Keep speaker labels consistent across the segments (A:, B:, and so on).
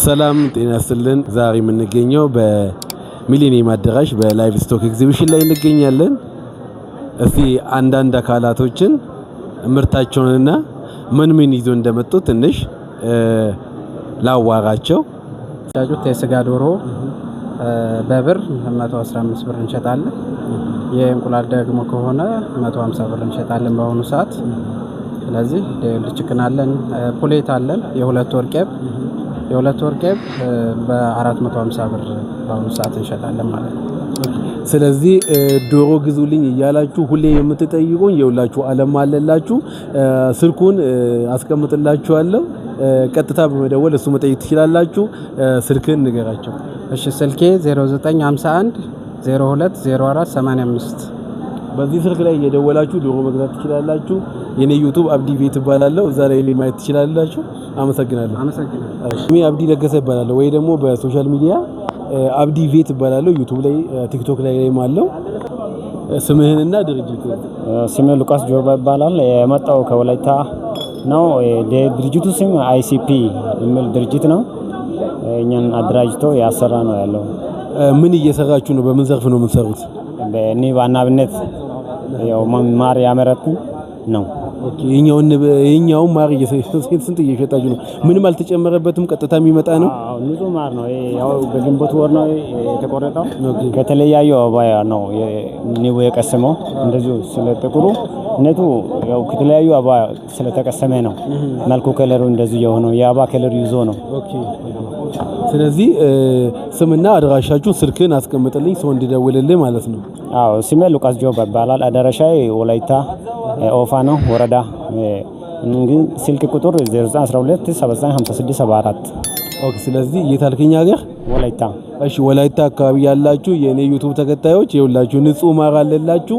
A: ሰላም ጤና ያስጥልን። ዛሬ የምንገኘው በሚሊኒየም አዳራሽ በላይቭ ስቶክ ኤግዚቢሽን ላይ እንገኛለን። እስቲ አንዳንድ አካላቶችን ምርታቸውንና ምን ምን ይዞ እንደመጡ ትንሽ ላዋራቸው።
B: ጫጩት የስጋ ዶሮ በብር 115 ብር እንሸጣለን። የእንቁላል ደግሞ ከሆነ 150 ብር እንሸጣለን በአሁኑ ሰዓት። ስለዚህ ችክን አለን፣ ፑሌት አለን፣ የሁለት ወር ቄብ የሁለት ወር ቄብ በ450 ብር በአሁኑ ሰዓት እንሸጣለን ማለት ነው።
A: ስለዚህ ዶሮ ግዙልኝ እያላችሁ ሁሌ የምትጠይቁኝ የሁላችሁ ዓለም አለላችሁ። ስልኩን አስቀምጥላችኋለሁ። ቀጥታ በመደወል እሱ መጠየቅ ትችላላችሁ። ስልክን ንገራቸው።
B: እሺ ስልኬ 0951 02
A: በዚህ ስልክ ላይ እየደወላችሁ ዶሮ መግዛት ትችላላችሁ። የኔ ዩቱብ አብዲ ቤት እባላለሁ። እዛ ላይ ማየት ትችላላችሁ። አመሰግናለሁ። እኔ አብዲ ለገሰ እባላለሁ ወይ ደግሞ በሶሻል ሚዲያ አብዲ ቬት እባላለሁ። ዩቱብ ላይ ቲክቶክ ላይ ላይም አለው። ስምህንና ድርጅቱ?
B: ስሜ ሉቃስ ጆባ ይባላል። የመጣው ከወላይታ ነው። ድርጅቱ ስም አይሲፒ የሚል ድርጅት ነው። እኛን አደራጅቶ ያሰራ ነው ያለው።
A: ምን እየሰራችሁ ነው? በምን ዘርፍ ነው የምትሰሩት?
B: እኔ በአናብነት ያው ማር ያመረትን ነው
A: የኛውን ማር ስንት እየሸጣችሁ ነው? ምንም አልተጨመረበትም። ቀጥታ የሚመጣ ነው።
B: ንጹህ ማር ነው። ያው በግንቦት ወር ነው የተቆረጠው። ከተለያዩ አበባያ ነው ንቦ የቀሰመው። እንደዚሁ ስለ ጥቁሩ ነቱ ያው ከተለያዩ አበባ ስለተቀሰመ ነው መልኩ ከለሩ እንደዚሁ የሆነው የአበባ ከለሩ ይዞ ነው።
A: ስለዚህ ስምና አድራሻችሁን ስልክን አስቀምጥልኝ ሰው እንዲደውልልህ ማለት ነው።
B: አዎ ስሜ ሉቃስ ጆባ ይባላል። አዳራሻዬ ወላይታ ኦፋ ነው ወረዳ ስልክ ቁጥር 0912795674
A: ኦኬ። ስለዚህ የታልከኛ ሀገር ወላይታ እሺ፣ ወላይታ አካባቢ ያላችሁ የኔ ዩቲዩብ ተከታዮች የሁላችሁ ንጹህ ማር አለላችሁ።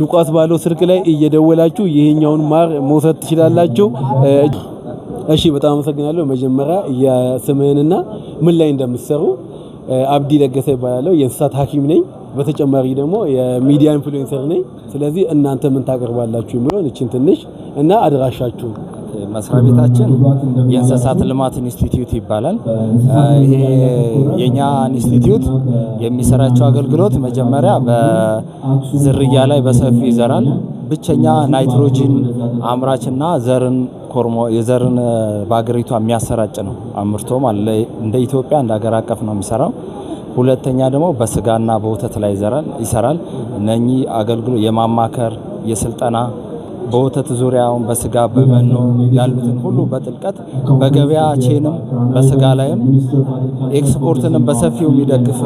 A: ሉቃስ ባለው ስልክ ላይ እየደወላችሁ ይሄኛውን ማር መውሰድ ትችላላችሁ። እሺ፣ በጣም አመሰግናለሁ። መጀመሪያ የስምህንና ምን ላይ እንደምትሰሩ። አብዲ ለገሰ ይባላለሁ። የእንስሳት ሐኪም ነኝ። በተጨማሪ ደግሞ የሚዲያ ኢንፍሉዌንሰር ነኝ። ስለዚህ እናንተ ምን ታቀርባላችሁ የሚለውን እችን ትንሽ እና አድራሻችሁ
B: መስሪያ ቤታችን የእንስሳት ልማት ኢንስቲትዩት ይባላል። ይሄ የኛ ኢንስቲትዩት የሚሰራቸው አገልግሎት መጀመሪያ በዝርያ ላይ በሰፊ ይዘራል። ብቸኛ ናይትሮጂን አምራችና ዘርን ኮርሞ የዘርን በአገሪቷ የሚያሰራጭ ነው። አምርቶ እንደ ኢትዮጵያ እንደ ሀገር አቀፍ ነው የሚሰራው። ሁለተኛ ደግሞ በስጋና በወተት ላይ ይሰራል። እነኚህ አገልግሎት የማማከር የስልጠና በወተት ዙሪያውን በስጋ በመኖ ያሉትን ሁሉ በጥልቀት በገበያ ቼንም በስጋ ላይም ኤክስፖርትንም በሰፊው የሚደግፍ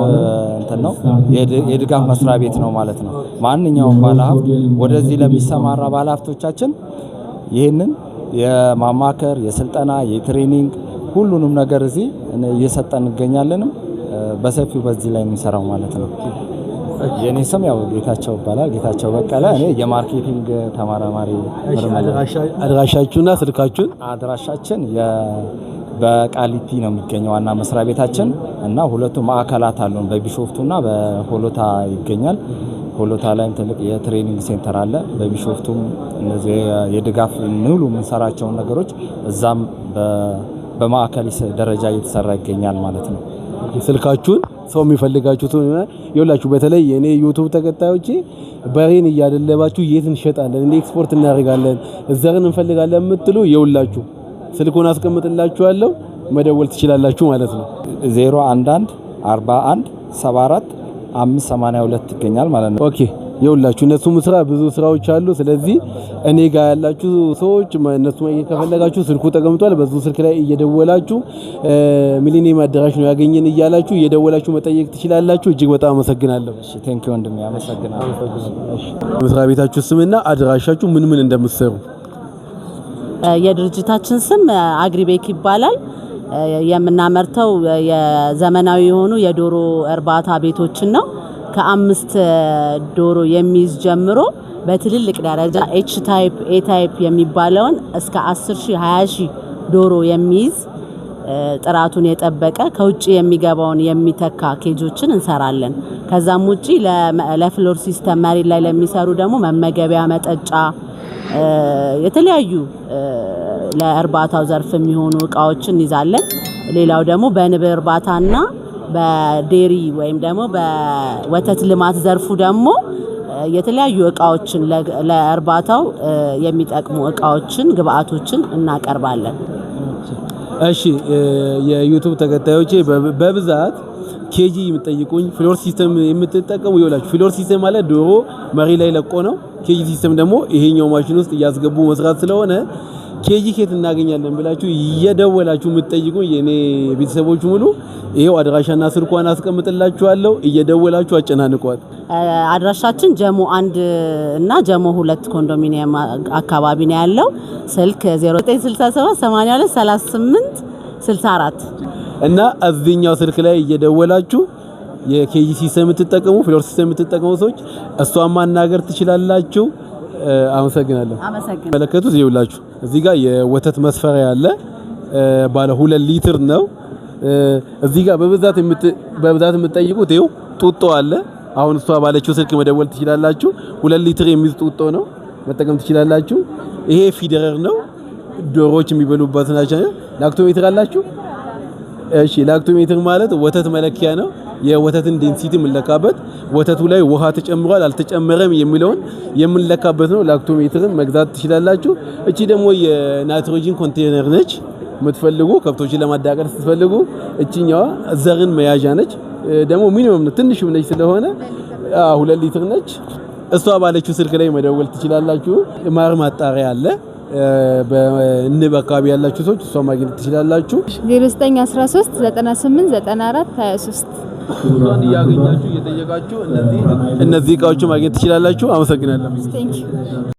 B: እንትን ነው፣ የድጋፍ መስሪያ ቤት ነው ማለት ነው። ማንኛውም ባለሀብት ወደዚህ ለሚሰማራ ባለሀብቶቻችን ይህንን የማማከር የስልጠና የትሬኒንግ ሁሉንም ነገር እዚህ እየሰጠን እንገኛለንም። በሰፊው በዚህ ላይ የምንሰራው ማለት ነው። የኔ ስም ያው ጌታቸው ይባላል። ጌታቸው በቀለ። እኔ የማርኬቲንግ ተመራማሪ
A: አድራሻችሁና ስልካችሁን?
B: አድራሻችን በቃሊቲ ነው የሚገኘው ዋና መስሪያ ቤታችን እና ሁለቱ ማዕከላት አሉን በቢሾፍቱና በሆሎታ ይገኛል። ሆሎታ ላይም ትልቅ የትሬኒንግ ሴንተር አለ። በቢሾፍቱም እነዚህ የድጋፍ ሙሉ የምንሰራቸውን ነገሮች እዛም በማዕከል ደረጃ እየተሰራ ይገኛል ማለት ነው።
A: ስልካችሁን ሰው የሚፈልጋችሁትን ይኸውላችሁ። በተለይ የኔ ዩቱብ ተከታዮች በሬን እያደለባችሁ የት እንሸጣለን፣ እንደ ኤክስፖርት እናደርጋለን፣ ዘርን እንፈልጋለን የምትሉ ይኸውላችሁ ስልኩን አስቀምጥላችኋለሁ፣ መደወል ትችላላችሁ ማለት ነው።
B: 011 41 74 582 ይገኛል ማለት
A: ነው። ኦኬ የሁላችሁ እነሱም ስራ ብዙ ስራዎች አሉ። ስለዚህ እኔ ጋር ያላችሁ ሰዎች እነሱ ከፈለጋችሁ ስልኩ ተቀምጧል። በዙ ስልክ ላይ እየደወላችሁ ሚሊኒየም አዳራሽ ነው ያገኘን እያላችሁ እየደወላችሁ መጠየቅ ትችላላችሁ። እጅግ በጣም አመሰግናለሁ። እሺ
B: ቴንክ ዩ ወንድሜ አመሰግናለሁ።
A: መስሪያ ቤታችሁ ስምና አድራሻችሁ ምን ምን እንደምትሰሩ?
C: የድርጅታችን ስም አግሪቤክ ይባላል። የምናመርተው የዘመናዊ የሆኑ የዶሮ እርባታ ቤቶችን ነው። ከአምስት ዶሮ የሚይዝ ጀምሮ በትልልቅ ደረጃ ኤች ታይፕ ኤ ታይፕ የሚባለውን እስከ 10 ሺ 20 ሺ ዶሮ የሚይዝ ጥራቱን የጠበቀ ከውጭ የሚገባውን የሚተካ ኬጆችን እንሰራለን። ከዛም ውጪ ለፍሎር ሲስተም መሬት ላይ ለሚሰሩ ደግሞ መመገቢያ፣ መጠጫ፣ የተለያዩ ለእርባታው ዘርፍ የሚሆኑ እቃዎችን እንይዛለን። ሌላው ደግሞ በንብ እርባታና በዴሪ ወይም ደግሞ በወተት ልማት ዘርፉ ደግሞ የተለያዩ እቃዎችን ለእርባታው የሚጠቅሙ እቃዎችን፣ ግብአቶችን እናቀርባለን።
A: እሺ የዩቱብ ተከታዮች በብዛት ኬጂ የምጠይቁኝ ፍሎር ሲስተም የምትጠቀሙ ይውላችሁ። ፍሎር ሲስተም ማለት ዶሮ መሪ ላይ ለቆ ነው። ኬጂ ሲስተም ደግሞ ይሄኛው ማሽን ውስጥ እያስገቡ መስራት ስለሆነ ኬጂ ኬት እናገኛለን ብላችሁ እየደወላችሁ የምትጠይቁ የኔ ቤተሰቦች ሙሉ ይሄው አድራሻና ስልኳን አስቀምጥላችኋለሁ። እየደወላችሁ አጨናንቋት።
C: አድራሻችን ጀሞ አንድ እና ጀሞ ሁለት ኮንዶሚኒየም አካባቢ ነው ያለው። ስልክ 0967823864
A: እና እዚህኛው ስልክ ላይ እየደወላችሁ የኬጂ ሲስተም የምትጠቀሙ ፍሎር ሲስተም የምትጠቀሙ ሰዎች እሷን ማናገር ትችላላችሁ። አመሰግናለሁ። መለከቱት ይኸውላችሁ እዚህ ጋር የወተት መስፈሪያ አለ። ባለ ሁለት ሊትር ነው። እዚህ ጋር በብዛት በብዛት የምትጠይቁት ይው ጡጦ አለ። አሁን እሷ ባለችው ስልክ መደወል ትችላላችሁ። ሁለት ሊትር የሚይዝ ጡጦ ነው፣ መጠቀም ትችላላችሁ። ይሄ ፊደረር ነው፣ ዶሮዎች የሚበሉበት ናቸው። ላክቶሜትር አላችሁ? እሺ ላክቶሜትር ማለት ወተት መለኪያ ነው። የወተትን ዴንሲቲ የምንለካበት ወተቱ ላይ ውሃ ተጨምሯል አልተጨመረም የሚለውን የምንለካበት ነው። ላክቶሜትርን መግዛት ትችላላችሁ። እቺ ደግሞ የናይትሮጂን ኮንቴነር ነች። የምትፈልጉ ከብቶችን ለማዳቀል ስትፈልጉ እችኛዋ ዘርን መያዣ ነች። ደግሞ ሚኒመም ነው ትንሽም ነች ስለሆነ ሁለት ሊትር ነች። እሷ ባለችው ስልክ ላይ መደወል ትችላላችሁ። ማር ማጣሪያ አለ በንብ አካባቢ ያላችሁ ሰዎች እሷ ማግኘት ትችላላችሁ።
C: 0913 98 94 23
A: ቁጥሯን እያገኛችሁ እየጠየቃችሁ እነዚህ እነዚህ እቃዎች ማግኘት ትችላላችሁ። አመሰግናለሁ።